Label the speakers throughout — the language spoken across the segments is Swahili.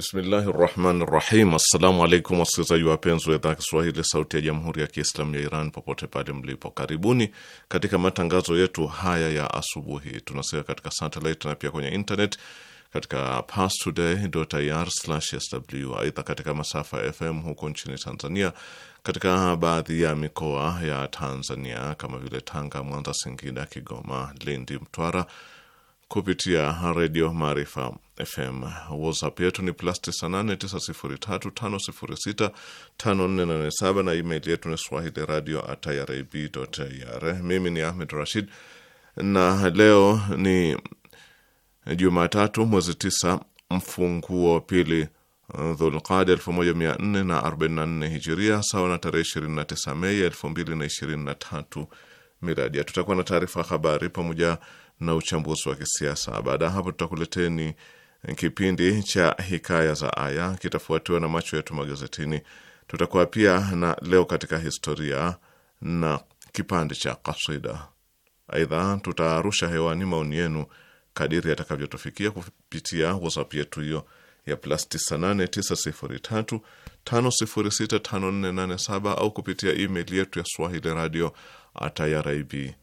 Speaker 1: Bismillahi rahmani rahim. Assalamu alaikum wasikilizaji wapenzi wa idhaa Kiswahili sauti ya jamhuri ya Kiislamu ya Iran popote pale mlipo, karibuni katika matangazo yetu haya ya asubuhi. Tunasika katika satelit na pia kwenye internet katika parstoday.ir/sw. Aidha, katika masafa ya FM huko nchini Tanzania, katika baadhi ya mikoa ya Tanzania kama vile Tanga, Mwanza, Singida, Kigoma, Lindi, Mtwara kupitia redio Maarifa FM. WhatsApp yetu ni plus 989035065487 na email yetu ni swahili radio irib.ir. Mimi ni Ahmed Rashid na leo ni Jumatatu mwezi tisa mfunguo pili Dhulqada 1444 hijiria sawa na tarehe 29 Mei 2023 miradi. Tutakuwa na taarifa habari pamoja na uchambuzi wa kisiasa. Baada ya hapo, tutakuleteni kipindi cha hikaya za aya, kitafuatiwa na macho yetu magazetini. Tutakuwa pia na leo katika historia na kipande cha kasida. Aidha, tutarusha hewani maoni yenu kadiri yatakavyotufikia kupitia WhatsApp yetu hiyo ya plus 98 au kupitia email yetu ya swahili radio at irib ir.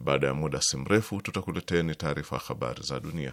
Speaker 1: Baada ya muda si mrefu, tutakuleteni taarifa habari za dunia.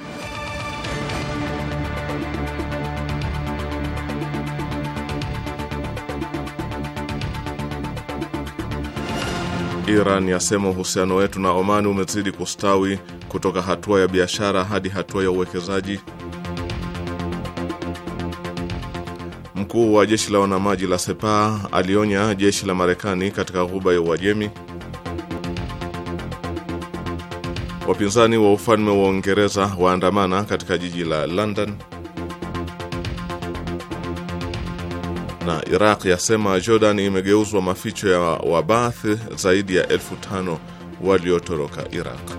Speaker 1: Iran yasema uhusiano wetu na Omani umezidi kustawi kutoka hatua ya biashara hadi hatua ya uwekezaji. Mkuu wa jeshi la wanamaji la Sepah alionya jeshi la Marekani katika ghuba ya Uajemi. Wapinzani wa ufalme wa Uingereza waandamana katika jiji la London. na Iraq yasema Jordan imegeuzwa maficho ya Wabath zaidi ya elfu tano waliotoroka Iraq.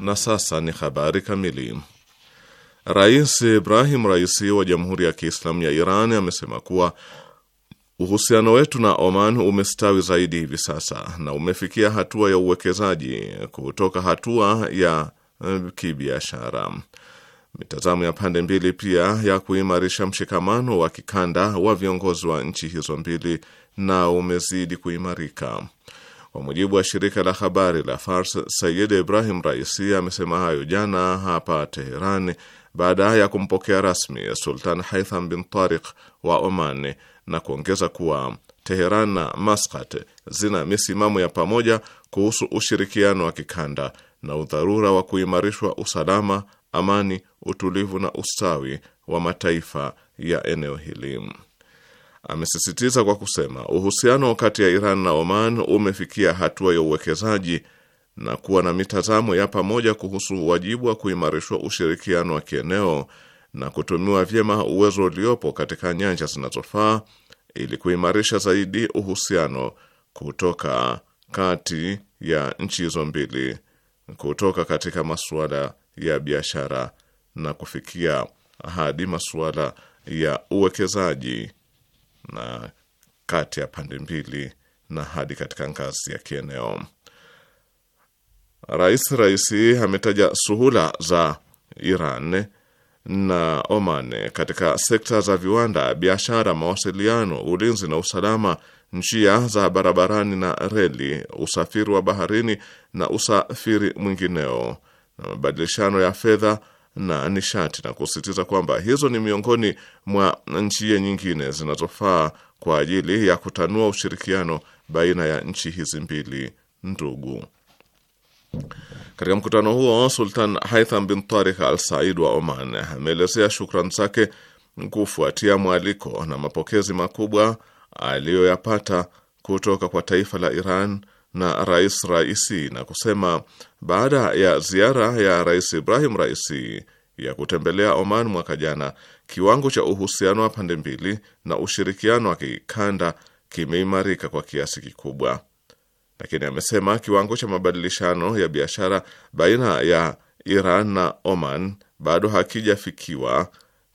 Speaker 1: Na sasa ni habari kamili. Rais Ibrahim Raisi wa Jamhuri ya Kiislamu ya Iran amesema kuwa uhusiano wetu na Oman umestawi zaidi hivi sasa na umefikia hatua ya uwekezaji kutoka hatua ya kibiashara. Mitazamo ya pande mbili pia ya kuimarisha mshikamano wa kikanda wa viongozi wa nchi hizo mbili na umezidi kuimarika. Kwa mujibu wa shirika la habari la Fars, Sayid Ibrahim Raisi amesema hayo jana hapa Teheran baada ya kumpokea rasmi Sultan Haitham bin Tarik wa Oman na kuongeza kuwa Teheran na Maskat zina misimamo ya pamoja kuhusu ushirikiano wa kikanda na udharura wa kuimarishwa usalama amani, utulivu na ustawi wa mataifa ya eneo hili. Amesisitiza kwa kusema uhusiano kati ya Iran na Oman umefikia hatua ya uwekezaji na kuwa na mitazamo ya pamoja kuhusu wajibu wa kuimarishwa ushirikiano wa kieneo na kutumiwa vyema uwezo uliopo katika nyanja zinazofaa ili kuimarisha zaidi uhusiano kutoka kati ya nchi hizo mbili kutoka katika masuala ya biashara na kufikia hadi masuala ya uwekezaji na kati ya pande mbili na hadi katika ngazi ya kieneo. Rais Raisi ametaja suhula za Iran na Oman katika sekta za viwanda, biashara, mawasiliano, ulinzi na usalama, njia za barabarani na reli, usafiri wa baharini na usafiri mwingineo na mabadilishano ya fedha na nishati na kusisitiza kwamba hizo ni miongoni mwa njia nyingine zinazofaa kwa ajili ya kutanua ushirikiano baina ya nchi hizi mbili ndugu. Katika mkutano huo, Sultan Haitham bin Tarik Al Said wa Oman ameelezea shukran zake kufuatia mwaliko na mapokezi makubwa aliyoyapata kutoka kwa taifa la Iran na Rais Raisi na kusema baada ya ziara ya Rais Ibrahim Raisi ya kutembelea Oman mwaka jana, kiwango cha uhusiano wa pande mbili na ushirikiano wa kikanda kimeimarika kwa kiasi kikubwa. Lakini amesema kiwango cha mabadilishano ya biashara baina ya Iran na Oman bado hakijafikiwa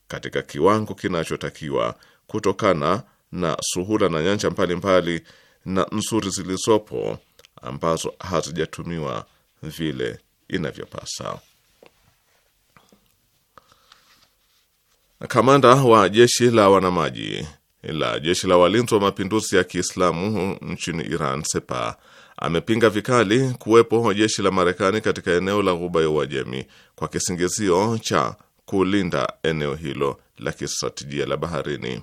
Speaker 1: katika kiwango kinachotakiwa kutokana na suhula na nyanja mbalimbali na nzuri zilizopo ambazo hazijatumiwa vile inavyopasa. Kamanda wa jeshi la wanamaji la jeshi la walinzi wa mapinduzi ya Kiislamu nchini Iran Sepa amepinga vikali kuwepo jeshi la Marekani katika eneo la Ghuba ya Uajemi kwa kisingizio cha kulinda eneo hilo la kistratejia la baharini.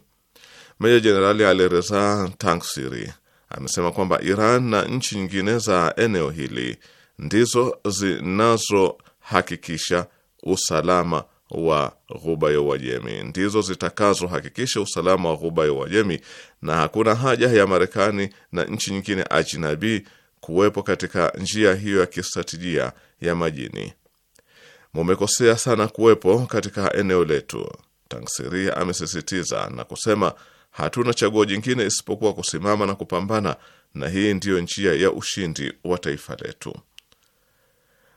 Speaker 1: Meja Jenerali Alireza Tangsiri amesema kwamba Iran na nchi nyingine za eneo hili ndizo zinazohakikisha usalama wa ghuba ya Uajemi, ndizo zitakazohakikisha usalama wa ghuba ya Uajemi, na hakuna haja ya Marekani na nchi nyingine ajinabii kuwepo katika njia hiyo ya kistratejia ya majini. Mumekosea sana kuwepo katika eneo letu, Tansiria amesisitiza na kusema Hatuna chaguo jingine isipokuwa kusimama na kupambana, na hii ndiyo njia ya ushindi wa taifa letu.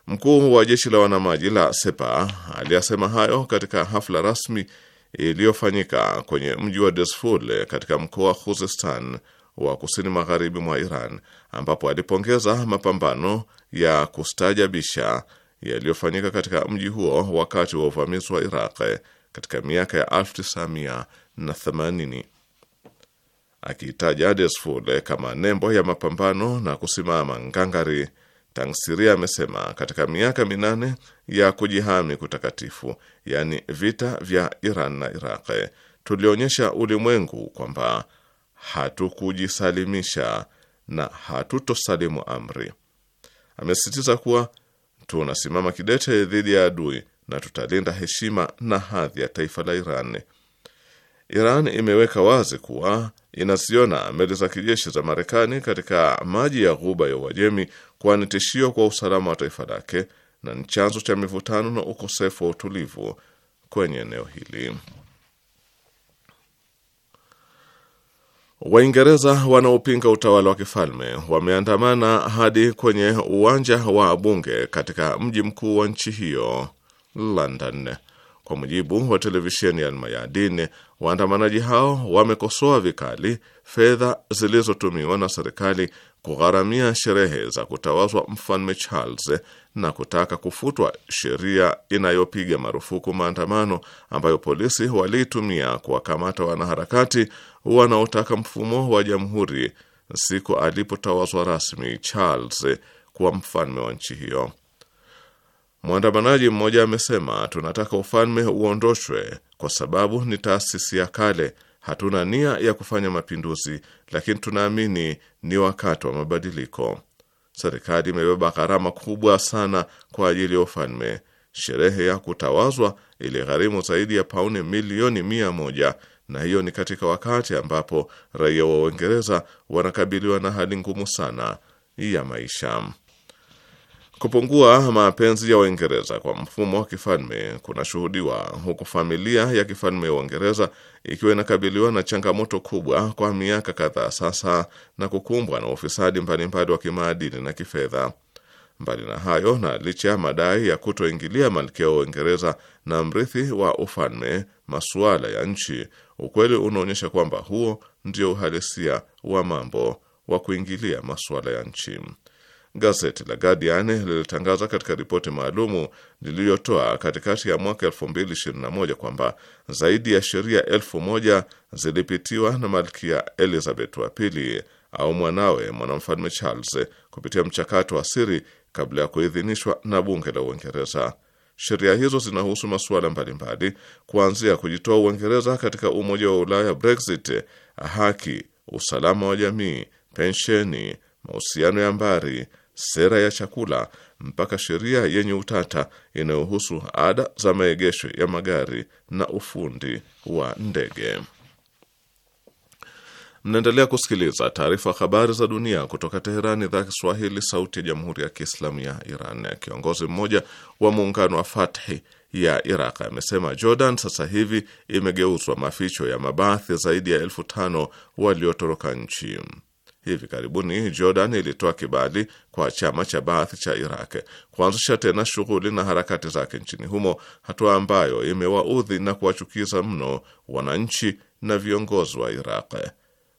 Speaker 1: Mkuu wa jeshi la wanamaji la Sepa aliyasema hayo katika hafla rasmi iliyofanyika kwenye mji wa Desful katika mkoa wa Khuzestan wa kusini magharibi mwa Iran, ambapo alipongeza mapambano ya kustajabisha yaliyofanyika katika mji huo wakati wa uvamizi wa Iraq katika miaka ya 1980 akiitaja Desful eh, kama nembo ya mapambano na kusimama ngangari. Tangsiria amesema katika miaka minane ya kujihami kutakatifu, yaani vita vya Iran na Iraq, eh, tulionyesha ulimwengu kwamba hatukujisalimisha na hatutosalimu amri. Amesisitiza kuwa tunasimama kidete dhidi ya adui na tutalinda heshima na hadhi ya taifa la Iran. Iran imeweka wazi kuwa inasiona meli za kijeshi za Marekani katika maji ya ghuba ya Uajemi kuwa ni tishio kwa usalama wa taifa lake na ni chanzo cha mivutano na ukosefu wa utulivu kwenye eneo hili. Waingereza wanaopinga utawala wa kifalme wameandamana hadi kwenye uwanja wa bunge katika mji mkuu wa nchi hiyo London. Kwa mujibu wa televisheni ya Almayadin, waandamanaji hao wamekosoa vikali fedha zilizotumiwa na serikali kugharamia sherehe za kutawazwa mfalme Charles na kutaka kufutwa sheria inayopiga marufuku maandamano ambayo polisi waliitumia kuwakamata wanaharakati wanaotaka mfumo wa jamhuri siku alipotawazwa rasmi Charles kuwa mfalme wa nchi hiyo. Mwandamanaji mmoja amesema, tunataka ufalme uondoshwe kwa sababu ni taasisi ya kale. Hatuna nia ya kufanya mapinduzi, lakini tunaamini ni wakati wa mabadiliko. Serikali imebeba gharama kubwa sana kwa ajili ya ufalme. Sherehe ya kutawazwa iligharimu zaidi ya pauni milioni mia moja, na hiyo ni katika wakati ambapo raia wa Uingereza wanakabiliwa na hali ngumu sana ya maisha. Kupungua mapenzi ya Uingereza kwa mfumo wa kifalme kunashuhudiwa huku familia ya kifalme ya Uingereza ikiwa inakabiliwa na changamoto kubwa kwa miaka kadhaa sasa na kukumbwa na ufisadi mbalimbali wa kimaadili na kifedha. Mbali na hayo, na licha ya madai ya kutoingilia malkia wa Uingereza na mrithi wa ufalme masuala ya nchi, ukweli unaonyesha kwamba huo ndio uhalisia wa mambo wa kuingilia masuala ya nchi. Gazeti la Guardian lilitangaza katika ripoti maalumu liliyotoa katikati ya mwaka 2021 kwamba zaidi ya sheria elfu moja zilipitiwa na Malkia Elizabeth wa pili au mwanawe mwanamfalme Charles kupitia mchakato wa siri kabla ya kuidhinishwa na bunge la Uingereza. Sheria hizo zinahusu masuala mbalimbali kuanzia kujitoa Uingereza katika Umoja wa Ulaya, Brexit, haki, usalama wa jamii, pensheni, mahusiano ya mbari sera ya chakula mpaka sheria yenye utata inayohusu ada za maegesho ya magari na ufundi wa ndege. Mnaendelea kusikiliza taarifa habari za dunia kutoka Teherani, idhaa Kiswahili, sauti ya jamhuri ya kiislamu ya Iran. Kiongozi mmoja wa muungano wa Fathi ya Iraq amesema Jordan sasa hivi imegeuzwa maficho ya mabathi zaidi ya elfu tano waliotoroka nchi. Hivi karibuni Jordan ilitoa kibali kwa chama cha Baath cha Iraq kuanzisha tena shughuli na harakati zake nchini humo, hatua ambayo imewaudhi na kuwachukiza mno wananchi na viongozi wa Iraq.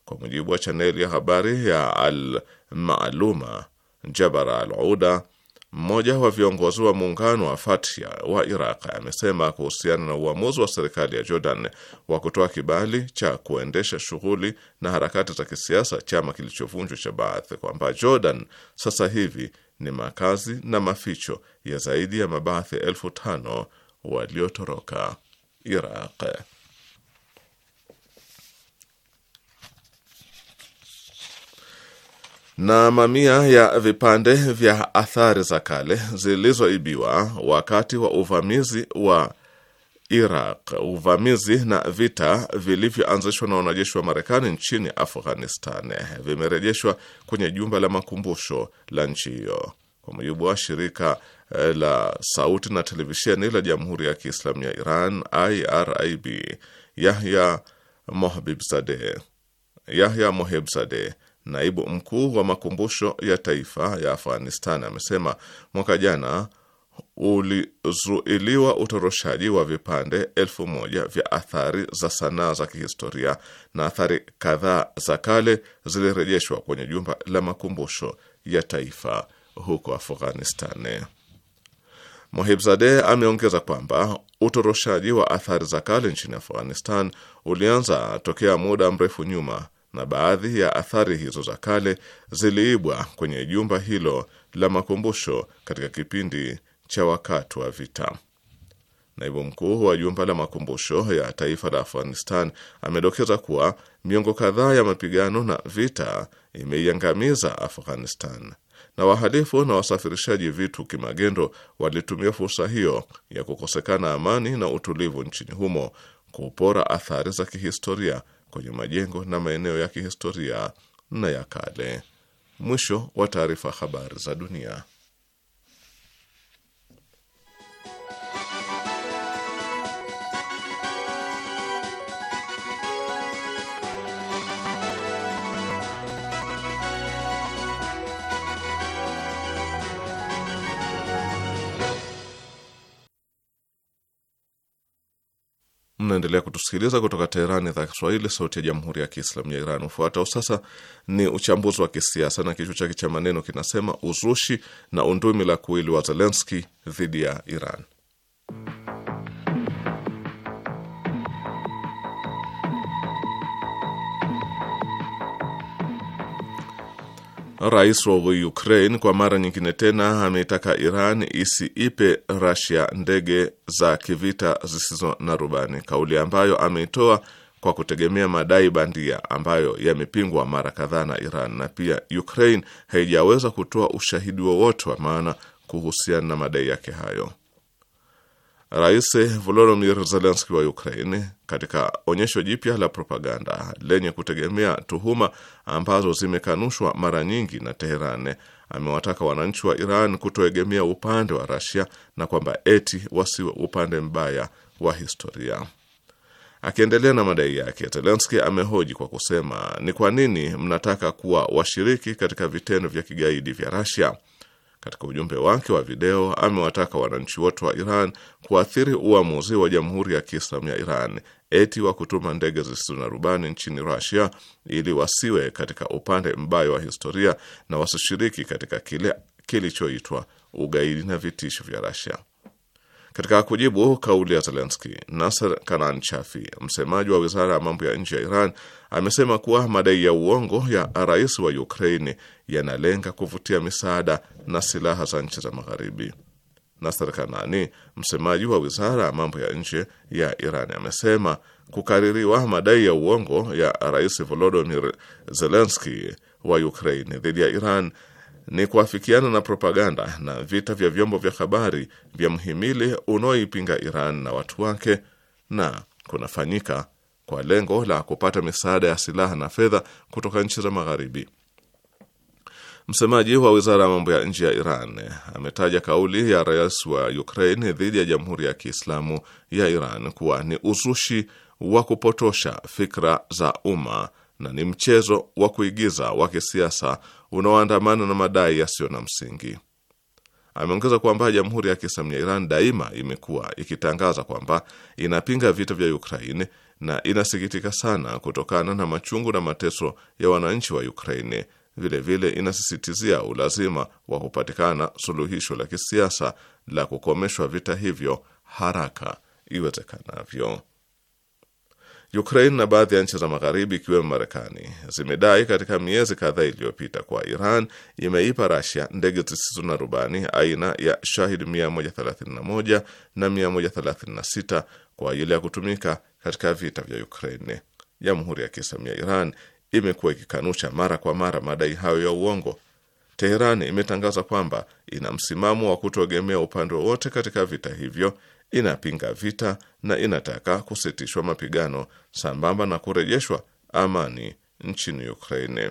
Speaker 1: Kwa mujibu wa chaneli ya habari ya Al Maaluma, Jabara Al Uda mmoja wa viongozi wa muungano wa Fatia wa Iraq amesema kuhusiana na uamuzi wa serikali ya Jordan wa kutoa kibali cha kuendesha shughuli na harakati za kisiasa chama kilichovunjwa cha Baath kwamba Jordan sasa hivi ni makazi na maficho ya zaidi ya Mabaathi elfu tano waliotoroka Iraq. na mamia ya vipande vya athari za kale zilizoibiwa wakati wa uvamizi wa Iraq, uvamizi na vita vilivyoanzishwa na wanajeshi wa Marekani nchini Afghanistan vimerejeshwa kwenye jumba la makumbusho la nchi hiyo, kwa mujibu wa shirika eh, la sauti na televisheni la Jamhuri ya Kiislamu ya Iran, IRIB. Yahya Mohibzadeh Yahya Mohibzadeh naibu mkuu wa makumbusho ya taifa ya Afghanistan amesema mwaka jana ulizuiliwa utoroshaji wa vipande elfu moja vya athari za sanaa za kihistoria na athari kadhaa za kale zilirejeshwa kwenye jumba la makumbusho ya taifa huko Afghanistan. Mohibzadeh ameongeza kwamba utoroshaji wa athari za kale nchini Afghanistan ulianza tokea muda mrefu nyuma na baadhi ya athari hizo za kale ziliibwa kwenye jumba hilo la makumbusho katika kipindi cha wakati wa vita. Naibu mkuu wa jumba la makumbusho ya taifa la Afghanistan amedokeza kuwa miongo kadhaa ya mapigano na vita imeiangamiza Afghanistan, na wahalifu na wasafirishaji vitu kimagendo walitumia fursa hiyo ya kukosekana amani na utulivu nchini humo kupora athari za kihistoria kwenye majengo na maeneo ya kihistoria na ya kale. Mwisho wa taarifa. Habari za dunia. Mnaendelea kutusikiliza kutoka Teherani, idhaa ya Kiswahili, sauti ya jamhuri ya kiislamu ya Iran. Ufuatao sasa ni uchambuzi wa kisiasa na kichwa chake cha maneno kinasema uzushi na undumi la kuili wa Zelenski dhidi ya Iran. Rais wa Ukraine kwa mara nyingine tena ameitaka Iran isiipe Russia ndege za kivita zisizo na rubani, kauli ambayo ameitoa kwa kutegemea madai bandia ambayo yamepingwa mara kadhaa na Iran, na pia Ukraine haijaweza kutoa ushahidi wowote wa maana kuhusiana na madai yake hayo. Rais Volodymyr Zelensky wa Ukraine katika onyesho jipya la propaganda lenye kutegemea tuhuma ambazo zimekanushwa mara nyingi na Teheran amewataka wananchi wa Iran kutoegemea upande wa Russia na kwamba eti wasiwe upande mbaya wa historia. Akiendelea na madai yake, Zelensky amehoji kwa kusema, ni kwa nini mnataka kuwa washiriki katika vitendo vya kigaidi vya Russia? Katika ujumbe wake wa video amewataka wananchi wote wa Iran kuathiri uamuzi wa Jamhuri ya Kiislamu ya Iran eti wa kutuma ndege zisizo na rubani nchini rasia ili wasiwe katika upande mbaya wa historia na wasishiriki katika kile kilichoitwa ugaidi na vitisho vya rasia Katika kujibu kauli ya zelenski Nasser Kananchafi, msemaji wa wizara ya mambo ya nje ya Iran, amesema kuwa madai ya uongo ya rais wa Ukraini yanalenga kuvutia misaada na silaha za nchi za Magharibi. Nasser Kanani, msemaji wa wizara ya mambo ya nje ya Iran, amesema kukaririwa madai ya uongo ya rais Volodymyr Zelensky wa Ukraini dhidi ya Iran ni kuafikiana na propaganda na vita vya vyombo vya habari vya mhimili unaoipinga Iran na watu wake na kunafanyika kwa lengo la kupata misaada ya silaha na fedha kutoka nchi za Magharibi. Msemaji wa wizara ya mambo ya nje ya Iran ametaja kauli ya rais wa Ukraine dhidi ya Jamhuri ya Kiislamu ya Iran kuwa ni uzushi wa kupotosha fikra za umma na ni mchezo wa kuigiza wa kisiasa unaoandamana na madai yasiyo na msingi. Ameongeza kwamba Jamhuri ya Kiislamu ya Iran daima imekuwa ikitangaza kwamba inapinga vita vya Ukraine na inasikitika sana kutokana na machungu na mateso ya wananchi wa Ukraine. Vilevile inasisitizia ulazima wa kupatikana suluhisho la kisiasa la kukomeshwa vita hivyo haraka iwezekanavyo. Ukraine na baadhi ya nchi za Magharibi ikiwemo Marekani zimedai katika miezi kadhaa iliyopita kwa Iran imeipa Rasia ndege zisizo na rubani aina ya Shahid 131 na 136 kwa ajili ya kutumika katika vita vya Ukraine. Jamhuri ya Kiislamu ya Iran imekuwa ikikanusha mara kwa mara madai hayo ya uongo. Teheran imetangaza kwamba ina msimamo wa kutoegemea upande wowote katika vita hivyo, inapinga vita na inataka kusitishwa mapigano sambamba na kurejeshwa amani nchini Ukraine.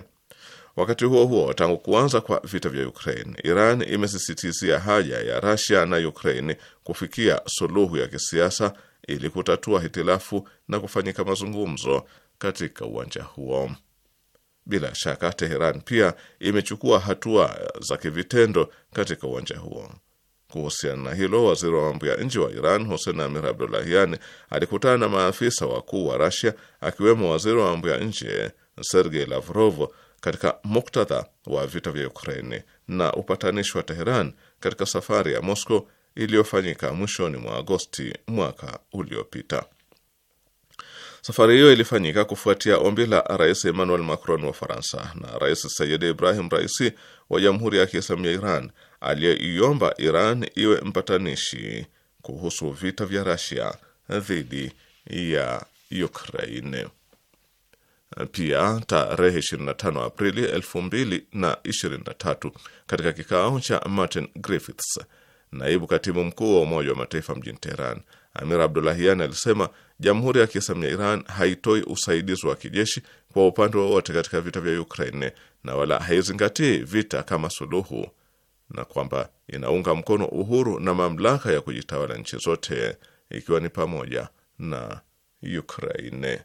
Speaker 1: Wakati huo huo, tangu kuanza kwa vita vya Ukraine, Iran imesisitizia haja ya rasia na Ukraine kufikia suluhu ya kisiasa ili kutatua hitilafu na kufanyika mazungumzo katika uwanja huo. Bila shaka Teheran pia imechukua hatua za kivitendo katika uwanja huo. Kuhusiana na hilo, waziri wa mambo ya nje wa Iran Hussein Amir Abdollahian alikutana na maafisa wakuu wa Rasia akiwemo waziri wa mambo ya nje Sergei Lavrov katika muktadha wa vita vya Ukraini na upatanishi wa Teheran katika safari ya Moscow iliyofanyika mwishoni mwa Agosti mwaka uliopita. Safari hiyo ilifanyika kufuatia ombi la Rais Emmanuel Macron wa Faransa na Rais Sayid Ibrahim Raisi wa Jamhuri ya Kiislamu ya Iran aliyeiomba Iran iwe mpatanishi kuhusu vita vya Rasia dhidi ya Ukraine. Pia tarehe 25 Aprili 2023 katika kikao cha Martin Griffiths naibu katibu mkuu wa Umoja wa Mataifa mjini Teheran, Amir Abdulahian alisema Jamhuri ya Kiislamu ya Iran haitoi usaidizi wa kijeshi kwa upande wowote katika vita vya Ukraine na wala haizingatii vita kama suluhu, na kwamba inaunga mkono uhuru na mamlaka ya kujitawala nchi zote ikiwa ni pamoja na Ukraine.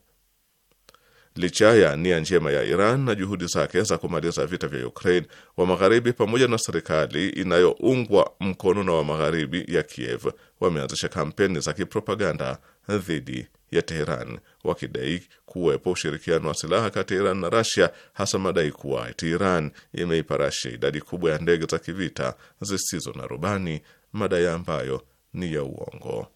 Speaker 1: Licha ya nia njema ya Iran na juhudi zake za kumaliza vita vya Ukraine, wa Magharibi pamoja na serikali inayoungwa mkono na wa Magharibi ya Kiev wameanzisha kampeni za kipropaganda dhidi ya Teheran, wakidai kuwepo ushirikiano wa silaha kati ya Iran na Rasia, hasa madai kuwa eti Iran imeipa Rasia idadi kubwa ya ndege za kivita zisizo na rubani, madai ambayo ni ya uongo.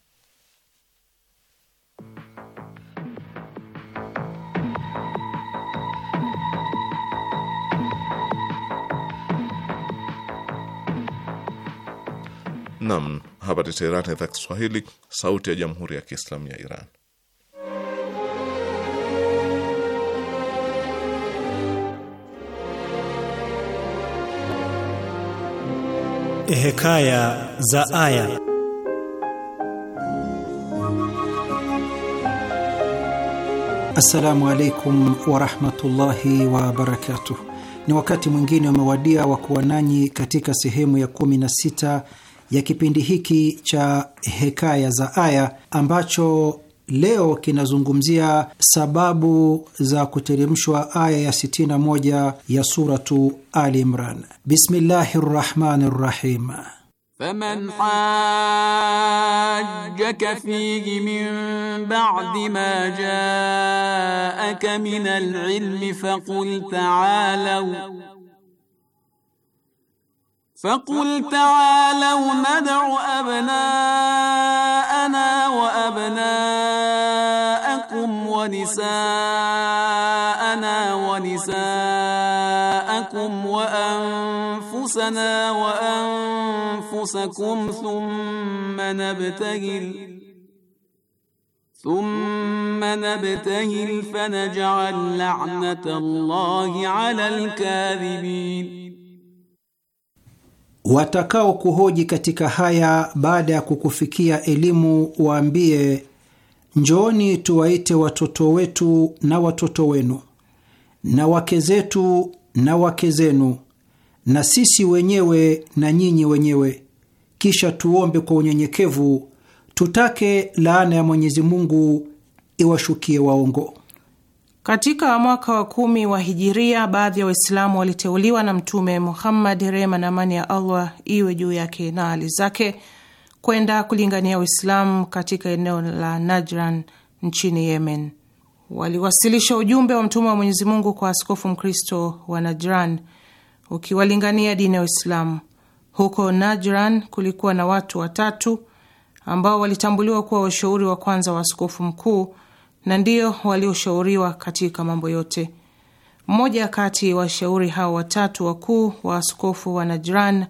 Speaker 1: nam hapa ni teheran idhaa Kiswahili, sauti ya jamhuri ya kiislamu ya Iran.
Speaker 2: Hekaya za Aya. Assalamu alaikum warahmatullahi wabarakatuh. Ni wakati mwingine umewadia wa kuwa nanyi katika sehemu ya 16 ya kipindi hiki cha Hekaya za Aya ambacho leo kinazungumzia sababu za kuteremshwa aya ya 61 ya Suratu Ali Imran. Bismillahi rrahmani rrahim.
Speaker 3: Faman hajjaka fihi min ba'di ma jaaka min al-ilmi faqul ta'alaw فقل تعالوا ندع أبناءنا وأبناءكم ونساءنا ونساءكم وأنفسنا وأنفسكم ثم نبتهل ثم نبتهل فنجعل لعنة الله على الكاذبين
Speaker 2: Watakaokuhoji katika haya baada ya kukufikia elimu, waambie njooni, tuwaite watoto wetu na watoto wenu na wake zetu na wake zenu na sisi wenyewe na nyinyi wenyewe, kisha tuombe kwa unyenyekevu, tutake laana ya Mwenyezi Mungu iwashukie waongo.
Speaker 4: Katika mwaka wa kumi wa hijiria, baadhi ya wa Waislamu waliteuliwa na Mtume Muhammad, rehma na amani ya Allah iwe juu yake na hali zake, kwenda kulingania Waislamu katika eneo la Najran nchini Yemen. Waliwasilisha ujumbe wa Mtume wa Mwenyezi Mungu kwa askofu Mkristo wa Najran ukiwalingania dini ya Uislamu. Huko Najran kulikuwa na watu watatu ambao walitambuliwa kuwa washauri wa kwanza wa askofu mkuu na ndiyo walioshauriwa katika mambo yote. Mmoja kati ya washauri hao watatu wakuu wa askofu wa Najran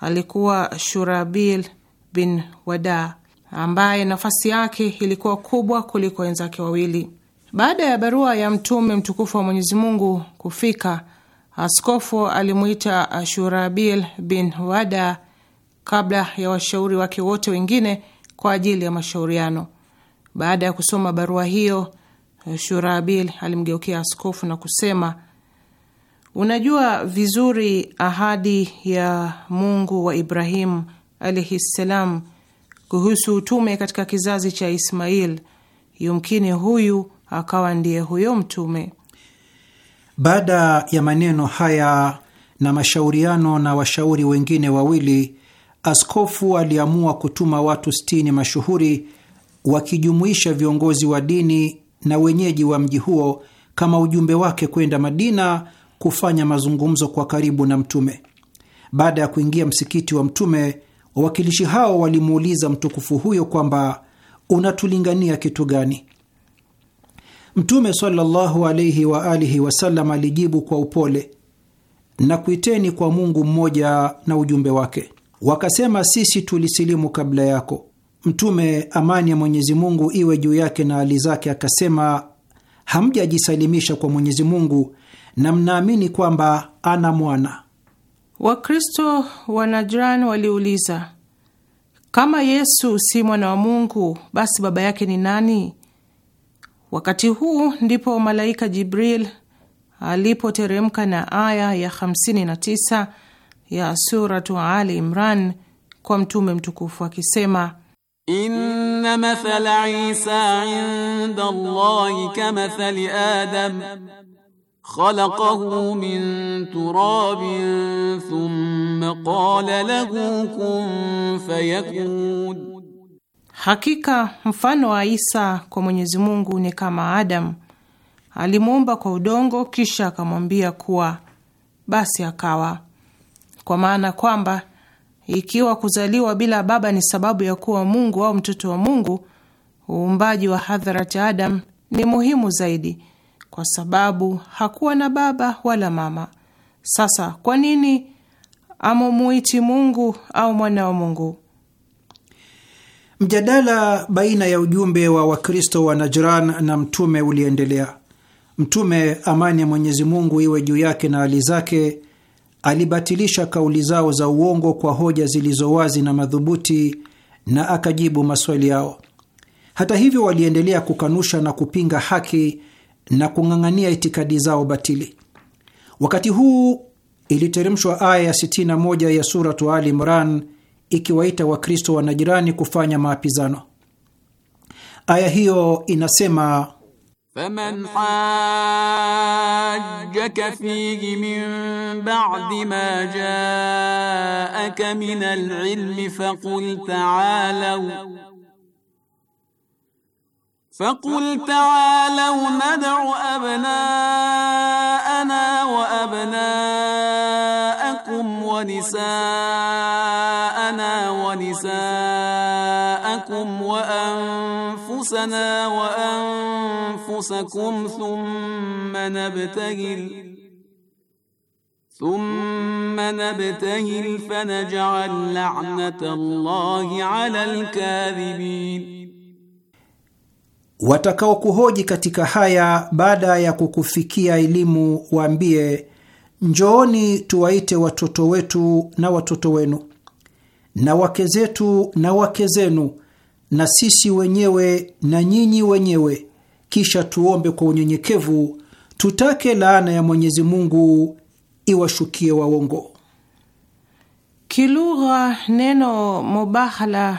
Speaker 4: alikuwa Shurabil bin Wada, ambaye nafasi yake ilikuwa kubwa kuliko wenzake wawili. Baada ya barua ya Mtume mtukufu wa Mwenyezi Mungu kufika, askofu alimwita Shurabil bin Wada kabla ya washauri wake wote wengine kwa ajili ya mashauriano. Baada ya kusoma barua hiyo, eh, Shurabil alimgeukia askofu na kusema, unajua vizuri ahadi ya Mungu wa Ibrahimu alaihi ssalam kuhusu utume katika kizazi cha Ismail. Yumkini huyu akawa ndiye huyo mtume.
Speaker 2: Baada ya maneno haya na mashauriano na washauri wengine wawili, askofu aliamua kutuma watu sitini mashuhuri wakijumuisha viongozi wa dini na wenyeji wa mji huo kama ujumbe wake kwenda Madina kufanya mazungumzo kwa karibu na Mtume. Baada ya kuingia msikiti wa Mtume, wawakilishi hao walimuuliza mtukufu huyo kwamba unatulingania kitu gani? Mtume sallallahu alaihi wa alihi wasallam alijibu kwa upole, na kuiteni kwa Mungu mmoja na ujumbe wake. Wakasema, sisi tulisilimu kabla yako Mtume, amani ya Mwenyezi Mungu iwe juu yake na hali zake, akasema, hamjajisalimisha kwa Mwenyezi Mungu na mnaamini kwamba ana mwana. Wakristo
Speaker 4: wa Najran waliuliza, kama Yesu si mwana wa Mungu, basi baba yake ni nani? Wakati huu ndipo malaika Jibril alipoteremka na aya ya 59 ya suratu Ali Imran kwa mtume mtukufu akisema
Speaker 3: Inna mathala Isa inda Allahi kamathali Adam khalaqahu min turabin thumma qala lahu kun fayakun, hakika
Speaker 4: mfano wa Isa kwa Mwenyezi Mungu ni kama Adam, alimuumba kwa udongo kisha akamwambia kuwa, basi akawa, kwa maana kwamba ikiwa kuzaliwa bila baba ni sababu ya kuwa Mungu au mtoto wa Mungu, uumbaji wa hadharati Adam ni muhimu zaidi, kwa sababu hakuwa na baba wala mama. Sasa kwa nini amumuiti Mungu au mwana wa Mungu?
Speaker 2: Mjadala baina ya ujumbe wa Wakristo wa Najran na mtume uliendelea. Mtume, amani ya Mwenyezi Mungu iwe juu yake na hali zake, alibatilisha kauli zao za uongo kwa hoja zilizo wazi na madhubuti na akajibu maswali yao. Hata hivyo, waliendelea kukanusha na kupinga haki na kung'ang'ania itikadi zao batili. Wakati huu iliteremshwa aya ya 61 ya Suratu Ali Imran ikiwaita Wakristo wa Najirani kufanya maapizano. Aya hiyo inasema
Speaker 3: فمن حاجك فيه من بعد ما جاءك من العلم فقل تعالوا فقل تعالوا ندع أبناءنا وأبناءكم ونساءنا ونساءكم وأنفسنا وأنفسنا أنفسكم ثم نبتهل ثم نبتهل فنجعل لعنة الله على الكاذبين
Speaker 2: watakaokuhoji katika haya baada ya kukufikia elimu waambie njooni tuwaite watoto wetu na watoto wenu na wake zetu na wake zenu na sisi wenyewe na nyinyi wenyewe kisha tuombe kwa unyenyekevu, tutake laana ya Mwenyezi Mungu iwashukie waongo.
Speaker 4: Kilugha, neno mubahala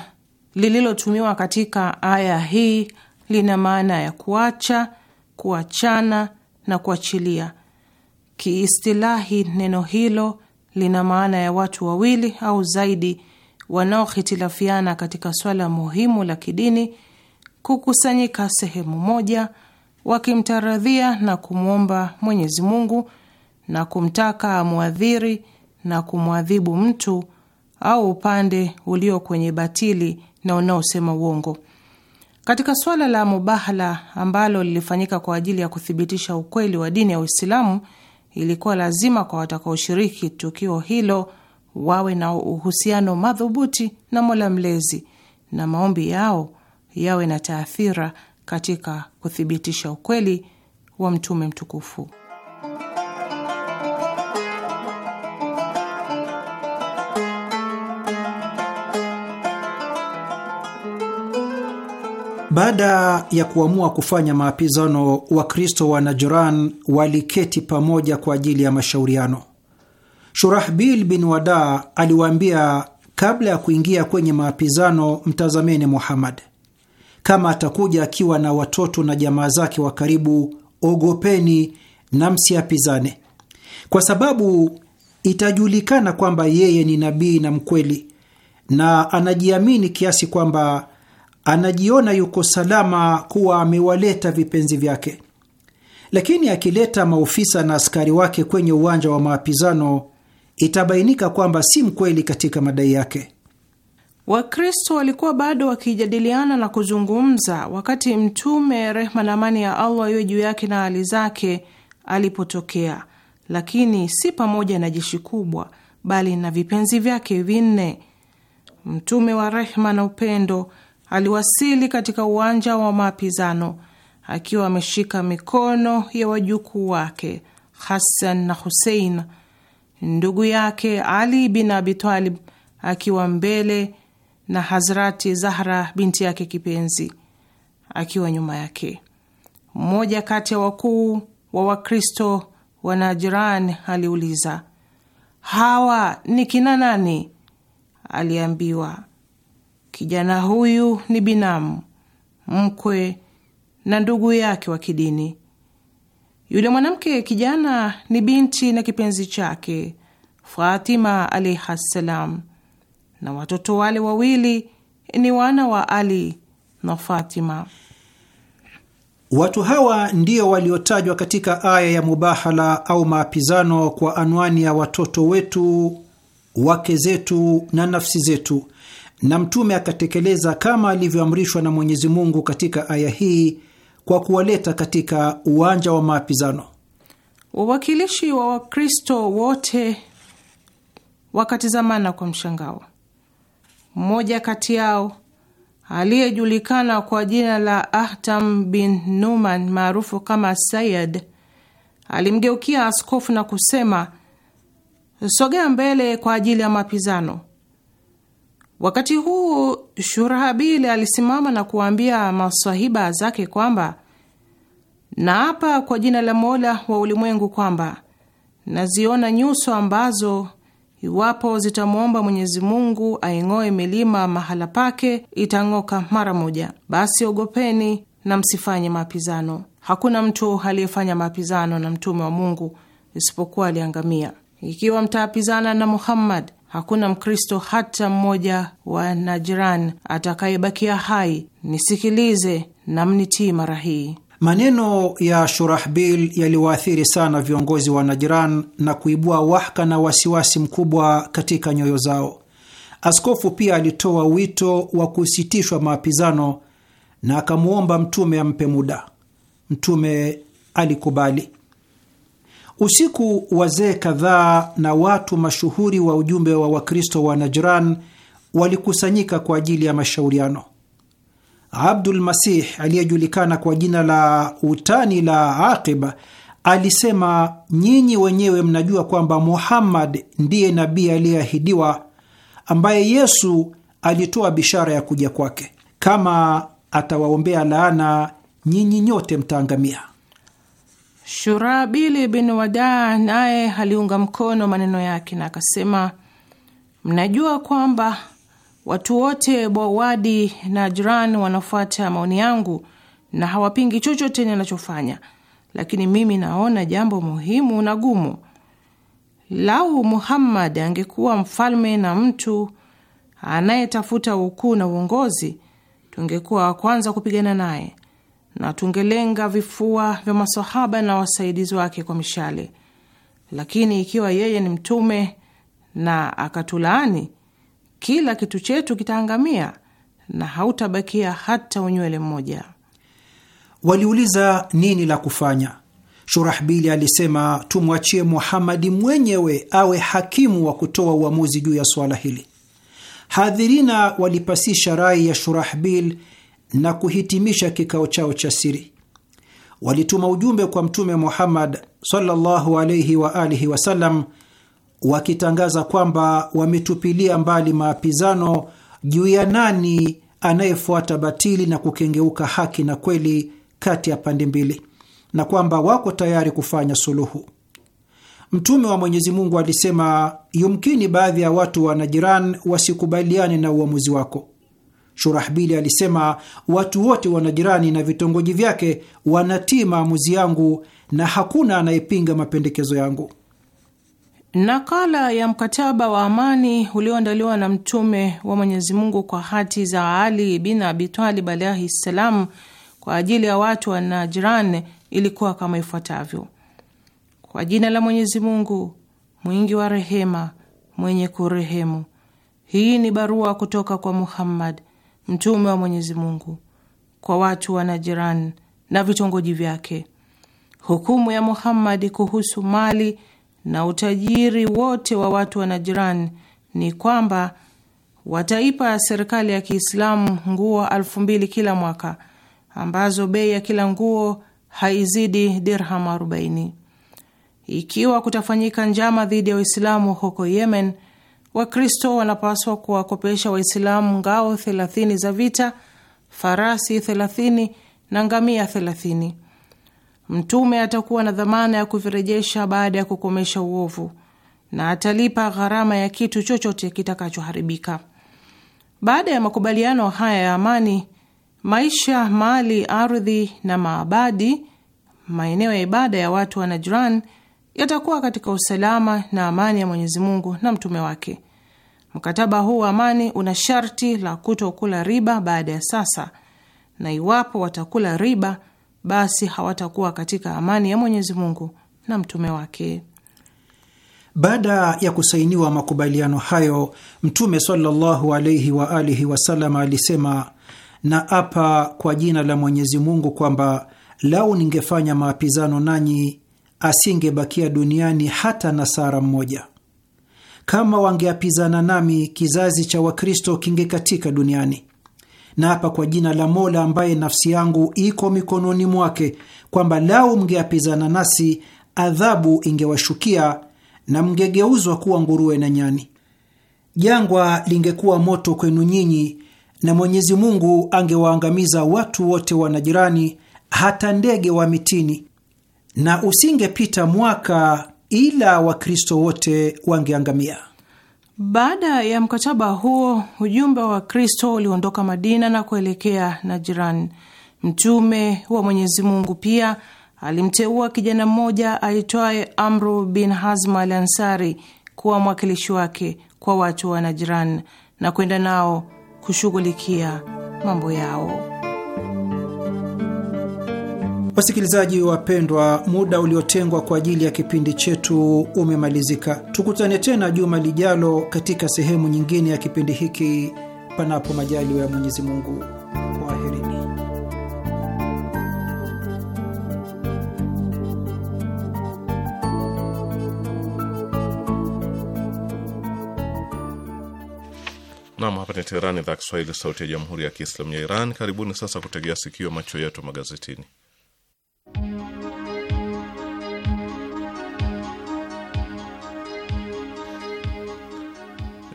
Speaker 4: lililotumiwa katika aya hii lina maana ya kuacha, kuachana na kuachilia. Kiistilahi, neno hilo lina maana ya watu wawili au zaidi wanaohitilafiana katika swala muhimu la kidini kukusanyika sehemu moja wakimtaradhia na kumwomba Mwenyezi Mungu na kumtaka amwadhiri na kumwadhibu mtu au upande ulio kwenye batili na unaosema uongo. Katika suala la mubahala ambalo lilifanyika kwa ajili ya kuthibitisha ukweli wa dini ya Uislamu, ilikuwa lazima kwa watakaoshiriki tukio hilo wawe na uhusiano madhubuti na Mola Mlezi, na maombi yao yawe na taathira katika kuthibitisha ukweli wa mtume mtukufu.
Speaker 2: Baada ya kuamua kufanya maapizano, Wakristo wa Najran waliketi pamoja kwa ajili ya mashauriano. Shurahbil bin Wada aliwaambia, kabla ya kuingia kwenye maapizano, mtazameni Muhammad. Kama atakuja akiwa na watoto na jamaa zake wa karibu, ogopeni na msiapizane, kwa sababu itajulikana kwamba yeye ni nabii na mkweli, na anajiamini kiasi kwamba anajiona yuko salama kuwa amewaleta vipenzi vyake. Lakini akileta maofisa na askari wake kwenye uwanja wa maapizano, itabainika kwamba si mkweli katika madai yake.
Speaker 4: Wakristo walikuwa bado wakijadiliana na kuzungumza wakati Mtume, rehma na amani ya Allah iwe juu yake na hali zake, alipotokea, lakini si pamoja na jeshi kubwa, bali na vipenzi vyake vinne. Mtume wa rehma na upendo aliwasili katika uwanja wa mapizano akiwa ameshika mikono ya wajukuu wake Hassan na husein ndugu yake Ali bin abitalib akiwa mbele na Hazrati Zahra binti yake kipenzi akiwa nyuma yake. Mmoja kati ya wakuu wa Wakristo wa Najran aliuliza, hawa ni kina nani? Aliambiwa, kijana huyu ni binamu, mkwe na ndugu yake wa kidini. Yule mwanamke kijana ni binti na kipenzi chake Fatima alaihi ssalam na watoto wale wawili ni wana wa Ali na Fatima.
Speaker 2: Watu hawa ndio waliotajwa katika aya ya mubahala au maapizano kwa anwani ya watoto wetu, wake zetu na nafsi zetu, na Mtume akatekeleza kama alivyoamrishwa na Mwenyezi Mungu katika aya hii kwa kuwaleta katika uwanja wa maapizano wawakilishi wa Wakristo wote wakatizamana
Speaker 4: kwa mshangao. Mmoja kati yao aliyejulikana kwa jina la Ahtam bin Numan maarufu kama Sayid alimgeukia askofu na kusema, sogea mbele kwa ajili ya mapizano. Wakati huu Shurahabil alisimama na kuwaambia masahiba zake kwamba naapa kwa jina la Mola wa ulimwengu kwamba naziona nyuso ambazo Iwapo zitamwomba Mwenyezi Mungu aing'oe milima mahala pake, itang'oka mara moja. Basi ogopeni na msifanye maapizano. Hakuna mtu aliyefanya maapizano na mtume wa Mungu isipokuwa aliangamia. Ikiwa mtaapizana na Muhammad, hakuna Mkristo hata mmoja wa Najiran atakayebakia hai. Nisikilize na mnitii mara hii.
Speaker 2: Maneno ya Shurahbil yaliwaathiri sana viongozi wa Najiran na kuibua wahka na wasiwasi mkubwa katika nyoyo zao. Askofu pia alitoa wito wa kusitishwa mapizano na akamwomba Mtume ampe muda. Mtume alikubali. Usiku, wazee kadhaa na watu mashuhuri wa ujumbe wa Wakristo wa Najran walikusanyika kwa ajili ya mashauriano. Abdul Masih aliyejulikana kwa jina la utani la Aqib alisema, nyinyi wenyewe mnajua kwamba Muhammad ndiye nabii aliyeahidiwa ambaye Yesu alitoa bishara ya kuja kwake. Kama atawaombea laana, nyinyi nyote mtaangamia.
Speaker 4: Shurabili bin Wadaa naye aliunga mkono maneno yake na akasema, mnajua kwamba Watu wote Bowadi na Jiran wanafuata maoni yangu na hawapingi chochote ninachofanya, lakini mimi naona jambo muhimu na gumu. Lau Muhammad angekuwa mfalme na mtu anayetafuta ukuu na uongozi, tungekuwa wa kwanza kupigana naye na tungelenga vifua vya masahaba na wasaidizi wake kwa mishale. Lakini ikiwa yeye ni mtume na akatulaani, kila kitu chetu kitaangamia na hautabakia hata
Speaker 2: unywele mmoja. Waliuliza, nini la kufanya? Shurahbili alisema, tumwachie Muhamadi mwenyewe awe hakimu wa kutoa uamuzi juu ya swala hili. Hadhirina walipasisha rai ya Shurahbil na kuhitimisha kikao chao cha siri. Walituma ujumbe kwa Mtume Muhammad sallallahu alayhi wa alihi wasallam wakitangaza kwamba wametupilia mbali maapizano juu ya nani anayefuata batili na kukengeuka haki na kweli kati ya pande mbili na kwamba wako tayari kufanya suluhu. Mtume wa Mwenyezi Mungu alisema, yumkini baadhi ya watu wa Najiran wasikubaliane na uamuzi wako. Shurahbili alisema, watu wote wa Najirani na vitongoji vyake wanatii maamuzi yangu na hakuna anayepinga mapendekezo yangu.
Speaker 4: Nakala ya mkataba wa amani ulioandaliwa na Mtume wa Mwenyezi Mungu kwa hati za Ali bin Abi Talib alaihi ssalam kwa ajili ya watu wa Najran ilikuwa kama ifuatavyo: kwa jina la Mwenyezi Mungu mwingi wa rehema, mwenye kurehemu. Hii ni barua kutoka kwa Muhammad mtume wa Mwenyezi Mungu kwa watu wa Najran na vitongoji vyake, hukumu ya Muhammad kuhusu mali na utajiri wote wa watu wa Najran ni kwamba wataipa serikali ya Kiislamu nguo elfu mbili kila mwaka ambazo bei ya kila nguo haizidi dirham 40. Ikiwa kutafanyika njama dhidi ya Waislamu huko Yemen, Wakristo wanapaswa kuwakopesha Waislamu ngao 30 za vita, farasi 30 na ngamia 30. Mtume atakuwa na dhamana ya kuvirejesha baada ya kukomesha uovu na atalipa gharama ya kitu chochote kitakachoharibika. Baada ya makubaliano haya ya amani, maisha, mali, ardhi na maabadi, maeneo ya ibada ya watu wa Najran yatakuwa katika usalama na amani ya Mwenyezi Mungu na mtume wake. Mkataba huu wa amani una sharti la kutokula riba baada ya sasa, na iwapo watakula riba basi hawatakuwa katika amani ya Mwenyezi Mungu na mtume wake.
Speaker 2: Baada ya kusainiwa makubaliano hayo, Mtume sallallahu alaihi wa alihi wasallam alisema, na apa kwa jina la Mwenyezi Mungu kwamba lau ningefanya maapizano nanyi asingebakia duniani hata nasara mmoja. Kama wangeapizana nami, kizazi cha Wakristo kingekatika duniani hapa kwa jina la Mola ambaye nafsi yangu iko mikononi mwake, kwamba lau mngeapizana nasi, adhabu ingewashukia na mngegeuzwa kuwa nguruwe na nyani. Jangwa lingekuwa moto kwenu nyinyi, na Mwenyezi Mungu angewaangamiza watu wote wa najirani, hata ndege wa mitini, na usingepita mwaka ila Wakristo wote wangeangamia.
Speaker 4: Baada ya mkataba huo, ujumbe wa Kristo uliondoka Madina na kuelekea Najiran. Mtume wa Mwenyezi Mungu pia alimteua kijana mmoja aitwaye Amru bin Hazm al Ansari kuwa mwakilishi wake kwa watu wa Najiran na kwenda nao kushughulikia mambo yao.
Speaker 2: Wasikilizaji wapendwa, muda uliotengwa kwa ajili ya kipindi chetu umemalizika. Tukutane tena juma lijalo katika sehemu nyingine ya kipindi hiki, panapo majaliwa ya Mwenyezi Mungu. Kwaherini.
Speaker 1: Nam, hapa ni Teherani, idhaa Kiswahili, sauti ya jamhuri ya kiislamu ya Iran. Karibuni sasa kutegea sikio, macho yetu magazetini.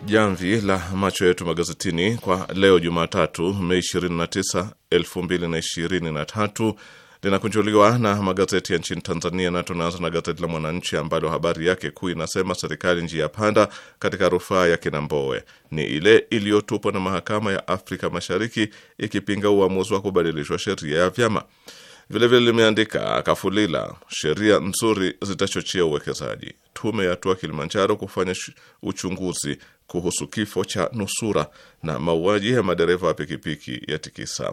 Speaker 1: jamvi la macho yetu magazetini kwa leo Jumatatu, Mei 29, 2023 linakunjuliwa na magazeti ya nchini Tanzania, na tunaanza na gazeti la Mwananchi ambalo habari yake kuu inasema serikali njia panda katika rufaa ya Kinambowe ni ile iliyotupwa na mahakama ya Afrika Mashariki ikipinga uamuzi wa kubadilishwa sheria ya vyama. Vilevile limeandika Kafulila, sheria nzuri zitachochea uwekezaji. Tume yatua Kilimanjaro kufanya uchunguzi kuhusu kifo cha nusura na mauaji ya madereva wa pikipiki ya tikisa.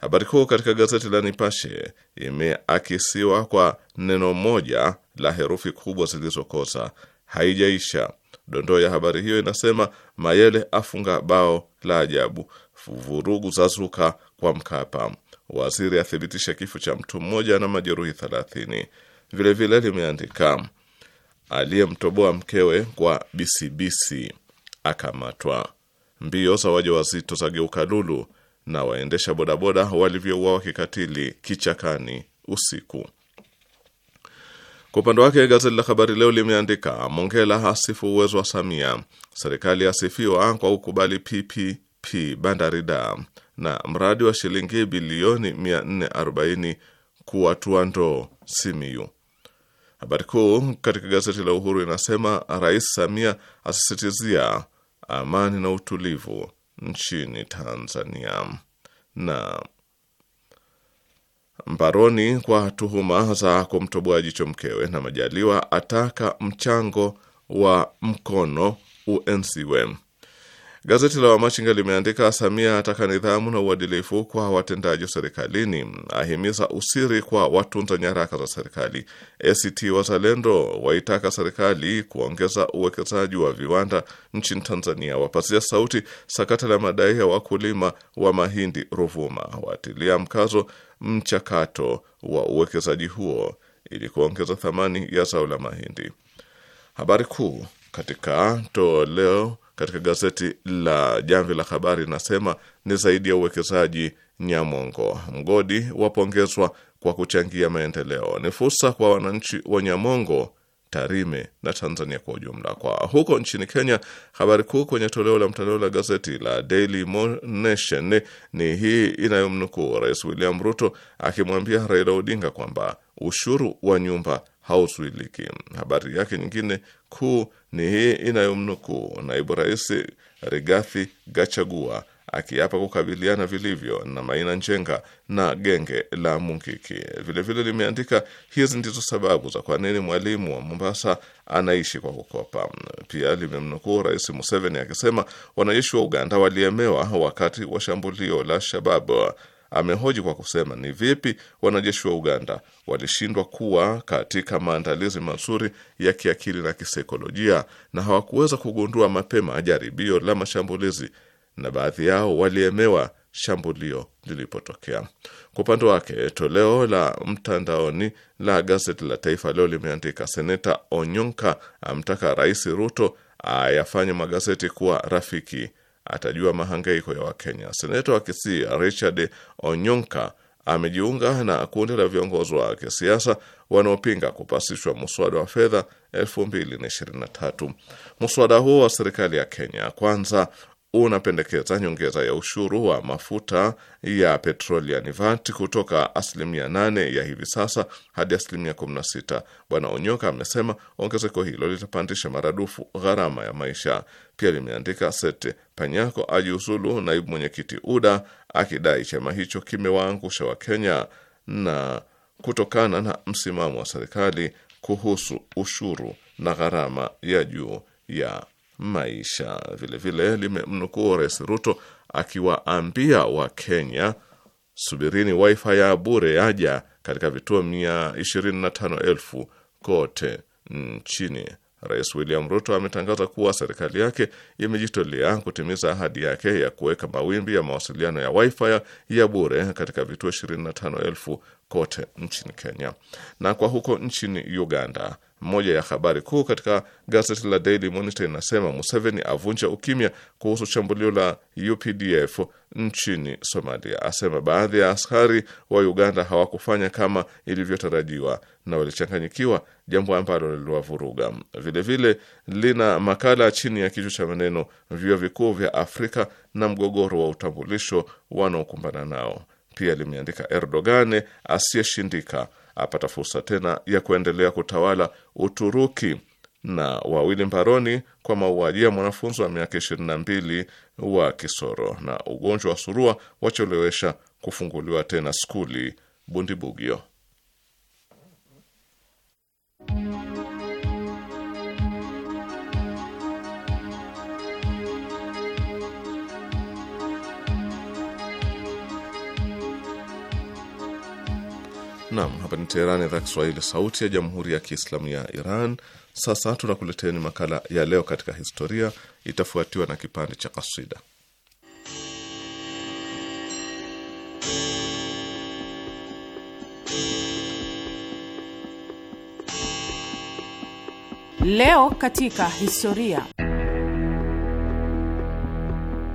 Speaker 1: Habari kuu katika gazeti la Nipashe imeakisiwa kwa neno moja la herufi kubwa zilizokosa haijaisha. Dondoo ya habari hiyo inasema Mayele afunga bao la ajabu, vurugu za zuka kwa Mkapa, waziri athibitisha kifo cha mtu mmoja na majeruhi thelathini. Vilevile limeandika aliyemtoboa mkewe kwa bisibisi akamatwa. Mbio za wajawazito geuka lulu na waendesha bodaboda walivyouawa kikatili kichakani usiku. Kwa upande wake gazeti la Habari Leo limeandika Mongela hasifu uwezo wa Samia, serikali asifiwa kwa ukubali PPP bandari da na mradi wa shilingi bilioni 440 kuwatua ndoo Simiyu. Habari kuu katika gazeti la Uhuru inasema Rais Samia asisitizia amani na utulivu nchini Tanzania na mbaroni kwa tuhuma za kumtoboa jicho mkewe, na Majaliwa ataka mchango wa mkono uenziwe. Gazeti la Wamachinga limeandika, Samia ataka nidhamu na uadilifu kwa watendaji serikalini, ahimiza usiri kwa watunza nyaraka za serikali. ACT Wazalendo waitaka serikali kuongeza uwekezaji wa viwanda nchini Tanzania, wapasia sauti sakata la madai ya wakulima wa mahindi Ruvuma, watilia mkazo mchakato wa uwekezaji huo ili kuongeza thamani ya zao la mahindi. Habari kuu katika toleo katika gazeti la Jamvi la Habari inasema ni zaidi ya uwekezaji Nyamongo. Mgodi wapongezwa kwa kuchangia maendeleo, ni fursa kwa wananchi wa Nyamongo, Tarime na Tanzania kwa ujumla. Kwa huko nchini Kenya, habari kuu kwenye toleo la mtandao la gazeti la Daily Nation ni hii inayomnukuu Rais William Ruto akimwambia Raila Odinga kwamba ushuru wa nyumba hauzuiliki. Habari yake nyingine kuu ni hii inayomnukuu naibu rais Rigathi Gachagua akiapa kukabiliana vilivyo na Maina Njenga na genge la Mungiki. Vilevile vile limeandika hizi ndizo sababu za kwa nini mwalimu wa Mombasa anaishi kwa kukopa. Pia limemnukuu Rais Museveni akisema wanajeshi wa Uganda waliemewa wakati wa shambulio la Shababu amehoji kwa kusema ni vipi wanajeshi wa Uganda walishindwa kuwa katika maandalizi mazuri ya kiakili na kisaikolojia na hawakuweza kugundua mapema jaribio la mashambulizi na baadhi yao waliemewa shambulio lilipotokea. Kwa upande wake, toleo la mtandaoni la gazeti la Taifa Leo limeandika seneta Onyonka amtaka Rais Ruto ayafanye magazeti kuwa rafiki atajua mahangaiko ya Wakenya. Seneta wa Kisii Richard Onyonka amejiunga na kundi la viongozi wa kisiasa wanaopinga kupasishwa muswada wa fedha 2023. Muswada huo wa serikali ya Kenya kwanza unapendekeza nyongeza ya ushuru wa mafuta ya petroli ya nivati kutoka asilimia nane ya hivi sasa hadi asilimia kumi na sita. Bwana Onyoka amesema ongezeko hilo litapandisha maradufu gharama ya maisha. Pia limeandika Sete Panyako ajiuzulu naibu mwenyekiti UDA akidai chama hicho kimewaangusha Wakenya na kutokana na msimamo wa serikali kuhusu ushuru na gharama ya juu ya maisha. Vilevile limemnukuu Rais Ruto akiwaambia Wakenya, subirini wifi ya bure yaja katika vituo mia ishirini na tano elfu kote nchini. Rais William Ruto ametangaza kuwa serikali yake imejitolea kutimiza ahadi yake ya kuweka mawimbi ya mawasiliano ya wifi ya bure katika vituo 25,000 kote nchini Kenya. Na kwa huko nchini Uganda, moja ya habari kuu katika gazeti la Daily Monitor inasema Museveni avunja ukimya kuhusu shambulio la UPDF nchini Somalia. Asema baadhi ya askari wa Uganda hawakufanya kama ilivyotarajiwa na walichanganyikiwa, jambo ambalo liliwavuruga. Vilevile lina makala chini ya kichwa cha maneno vyuo vikuu vya Afrika na mgogoro wa utambulisho wanaokumbana nao. Pia limeandika Erdogan asiyeshindika apata fursa tena ya kuendelea kutawala Uturuki na wawili mbaroni kwa mauaji ya mwanafunzi wa miaka mbili wa Kisoro. Na ugonjwa wa surua wachelewesha kufunguliwa tena skuli Bundibugyo. Naam, hapa ni Teherani, idhaa Kiswahili, sauti ya jamhuri ya kiislamu ya Iran. Sasa tunakuleteni makala ya leo katika historia, itafuatiwa na kipande cha kasida.
Speaker 4: Leo katika historia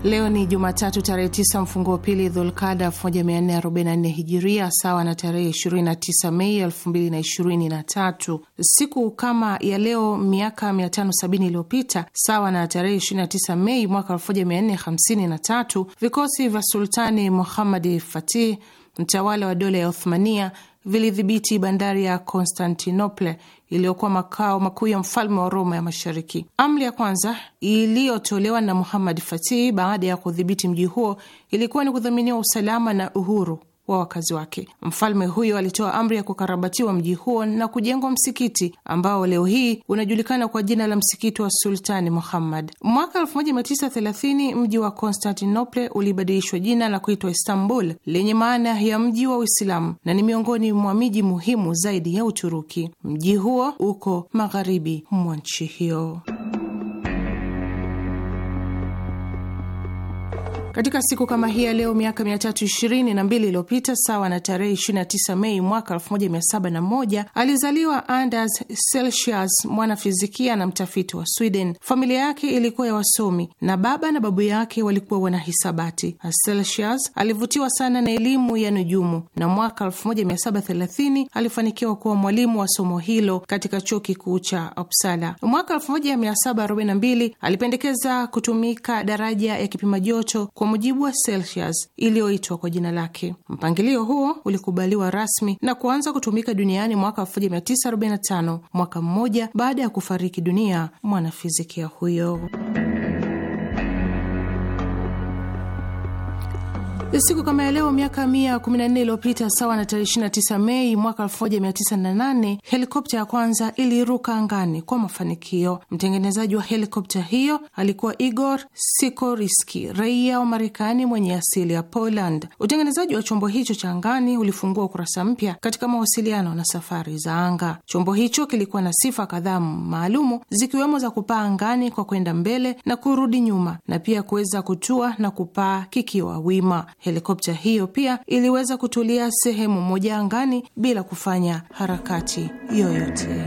Speaker 4: Leo ni Jumatatu tarehe 9 wa pili Dhulkada 1444 Hijiria, sawa na tarehe 29 Mei 2023. Siku kama ya leo miaka 570 iliyopita, sawa na tarehe 29 Mei mwaka 1453, vikosi vya Sultani Muhammadi Fatih, mtawala wa dola ya Othmania, vilidhibiti bandari ya constantinople iliyokuwa makao makuu ya mfalme wa Roma ya Mashariki. Amri ya kwanza iliyotolewa na Muhammad Fatih baada ya kudhibiti mji huo ilikuwa ni kudhaminiwa usalama na uhuru wa wakazi wake. Mfalme huyo alitoa amri ya kukarabatiwa mji huo na kujengwa msikiti ambao leo hii unajulikana kwa jina la msikiti wa Sultani Muhammad. Mwaka 1930 mji wa constantinople ulibadilishwa jina la kuitwa Istanbul, lenye maana ya mji wa Uislamu, na ni miongoni mwa miji muhimu zaidi ya Uturuki. Mji huo uko magharibi mwa nchi hiyo. Katika siku kama hii ya leo miaka 322 iliyopita, sawa na tarehe 29 Mei mwaka 1701, alizaliwa Anders Celsius, fizikia na mtafiti wa Sweden. Familia yake ilikuwa ya wasomi na baba na babu yake walikuwa wanahisabati. Celsius alivutiwa sana na elimu ya nujumu na mwaka 1730 alifanikiwa kuwa mwalimu wa somo hilo katika chuo kikuu cha Uppsala. Mwaka 1742 alipendekeza kutumika daraja ya kipima joto kwa kwa mujibu wa Celsius iliyoitwa kwa jina lake. Mpangilio huo ulikubaliwa rasmi na kuanza kutumika duniani mwaka 1945, mwaka mmoja baada ya kufariki dunia mwanafizikia huyo. Siku kama ya leo miaka 114 iliyopita, sawa na tarehe 29 Mei mwaka 1908, helikopta ya kwanza iliruka angani kwa mafanikio. Mtengenezaji wa helikopta hiyo alikuwa Igor Sikoriski, raia wa Marekani mwenye asili ya Poland. Utengenezaji wa chombo hicho cha angani ulifungua ukurasa mpya katika mawasiliano na safari za anga. Chombo hicho kilikuwa na sifa kadhaa maalumu, zikiwemo za kupaa angani kwa kwenda mbele na kurudi nyuma, na pia kuweza kutua na kupaa kikiwa wima. Helikopta hiyo pia iliweza kutulia sehemu moja angani bila kufanya harakati yoyote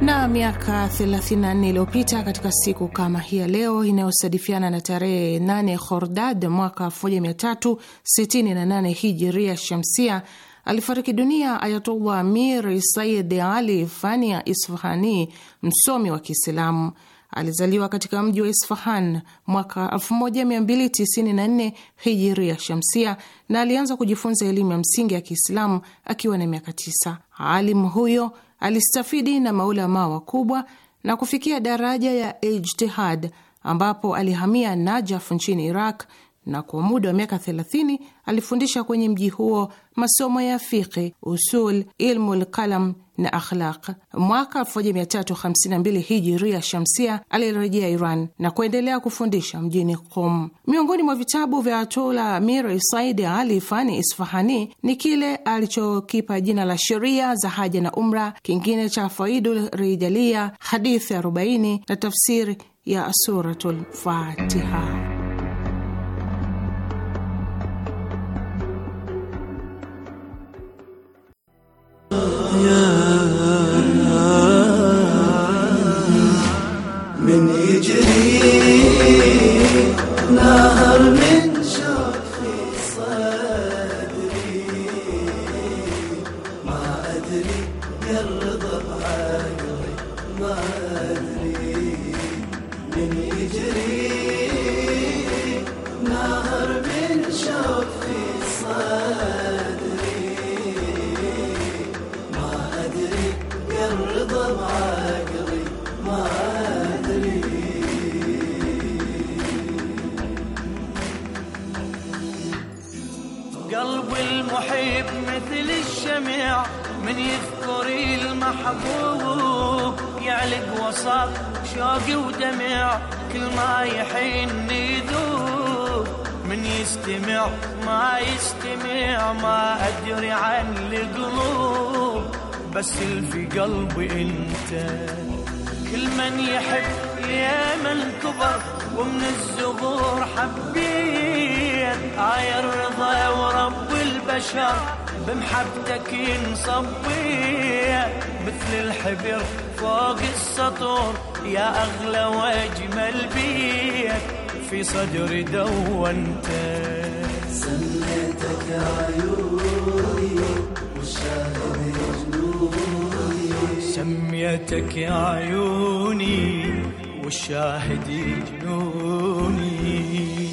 Speaker 4: na miaka 34 iliyopita katika siku kama hii ya leo inayosadifiana na tarehe 8 Khordad mwaka 1368 hijiria shamsia, alifariki dunia Ayatullah Amir Sayid Ali Fania Isfahani, msomi wa Kiislamu. Alizaliwa katika mji wa Isfahan mwaka 1294 hijiria shamsia na alianza kujifunza elimu ya msingi ya Kiislamu akiwa na miaka tisa. Alim huyo alistafidi na maulamaa wakubwa na kufikia daraja ya ijtihad ambapo alihamia Najaf nchini Iraq na kwa muda wa miaka 30 alifundisha kwenye mji huo masomo ya fiqhi, usul, ilmu lkalam na akhlaq. Mwaka 1352 hijiria shamsia alirejea Iran na kuendelea kufundisha mjini qum Miongoni mwa vitabu vya Atola Mir Saidi Ali Fani Isfahani ni kile alichokipa jina la Sheria za Haja na Umra, kingine cha Faidul Rijalia, Hadithi 40 na tafsiri ya Suratul Fatiha. من يجري نهر
Speaker 5: من
Speaker 6: من يذكر المحبوب يعلق وسط شوقي ودمع كل ما يحن يذوب من يستمع ما يستمع ما أدري عن القلوب بس في قلبي انت كل من يحب يا من كبر ومن الزهور حبيت آي الرضا ورب البشر بمحبتك انصبيت مثل الحبر فوق السطور يا أغلى وأجمل بيت في صدري دونت سميتك عيوني والشاهد جنوني سميتك عيوني والشاهد يجنوني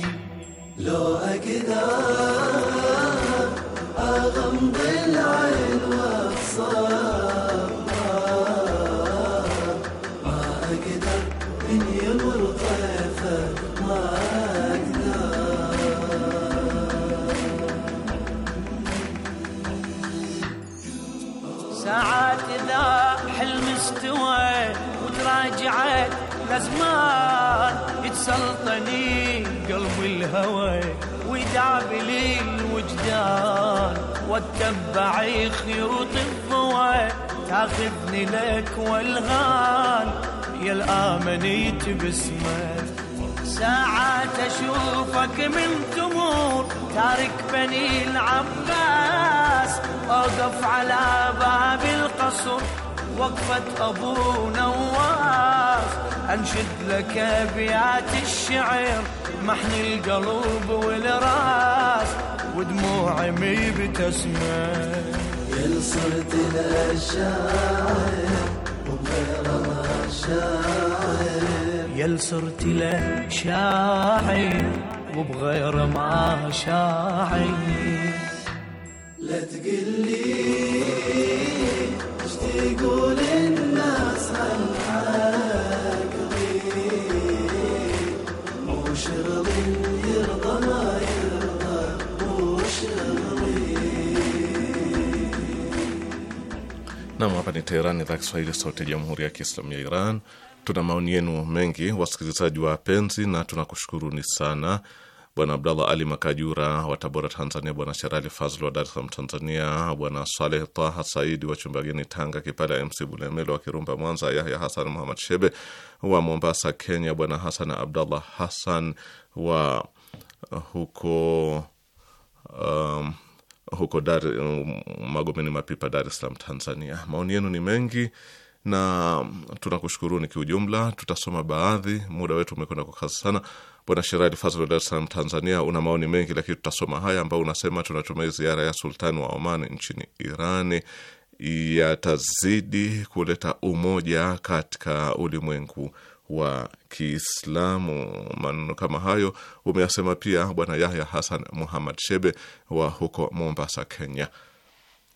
Speaker 6: لو أقدر
Speaker 5: أغمض العين وأبصر ما أقدر من يمر
Speaker 6: طيفك ما أقدر ساعات إذا حلم استوى وتراجعت الازمان يتسلطني قلبي الهوى لي الوجدان واتبع خيوط الضوى تاخذني لك والغان يا الامنيت باسمك ساعات اشوفك من تمور تارك بني العباس اوقف على باب القصر وقفة ابو نواس انشد لك ابيات الشعر محني القلوب والراس ودموعي مي بتسمع كل صرت شاعر يل صرت له شاعر وبغير ما شاعر لا تقلي ايش تقول
Speaker 1: Nam, hapa ni Teheran, idhaa Kiswahili, sauti ya jamhuri ya kiislamu ya Iran. Tuna maoni yenu mengi wasikilizaji wa penzi na tunakushukuruni sana Bwana Abdallah Ali Makajura wa Tabora, Tanzania, Bwana Sherali Fazl wa Dar es Salaam, Tanzania, Bwana Saleh Taha Saidi wa Chumbageni, Tanga, kipale MC Bulemelo wa Kirumba, Mwanza, Yahya Hasan Muhamad Shebe wa Mombasa, Kenya, Bwana Hasan Abdallah Hasan wa huko um, huko Dar, eh, Magomeni Mapipa, Dar es Salaam, Tanzania. Maoni yenu ni mengi na tunakushukuruni kiujumla. Tutasoma baadhi, muda wetu umekwenda kwa kasi sana. Bwana Sherali Fazl wa Dar es Salaam, Tanzania, una maoni mengi, lakini tutasoma haya ambao unasema, tunatumai ziara ya sultani wa Oman nchini Irani yatazidi kuleta umoja katika ulimwengu wa Kiislamu. Maneno kama hayo umeyasema pia Bwana Yahya Hassan Muhammad Shebe wa huko Mombasa, Kenya.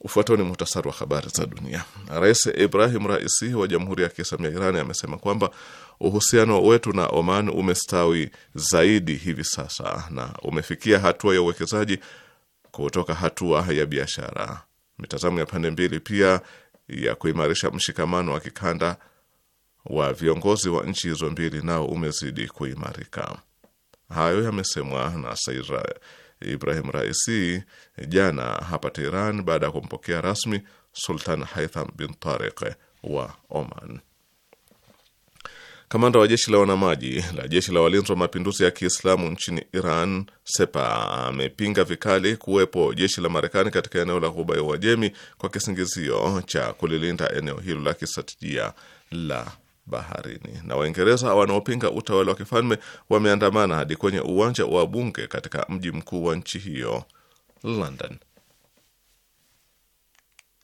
Speaker 1: Ufuatao ni muhtasari wa habari za dunia. Rais Ibrahim Raisi wa Jamhuri ya Kiislamu ya Iran amesema kwamba uhusiano wetu na Oman umestawi zaidi hivi sasa na umefikia hatua ya uwekezaji kutoka hatua ya biashara. Mitazamo ya pande mbili pia ya kuimarisha mshikamano wa kikanda wa viongozi wa nchi hizo mbili nao umezidi kuimarika. Hayo yamesemwa na Said Ibrahim Raisi jana hapa Teheran baada ya kumpokea rasmi Sultan Haitham bin Tarik wa Oman. Kamanda wa jeshi la wanamaji la jeshi la walinzi wa mapinduzi ya Kiislamu nchini Iran Sepa amepinga vikali kuwepo jeshi la Marekani katika eneo la Ghuba ya Uajemi kwa kisingizio cha kulilinda eneo hilo la kistratejia la baharini. Na Waingereza wanaopinga utawala wa kifalme wameandamana hadi kwenye uwanja wa bunge katika mji mkuu wa nchi hiyo London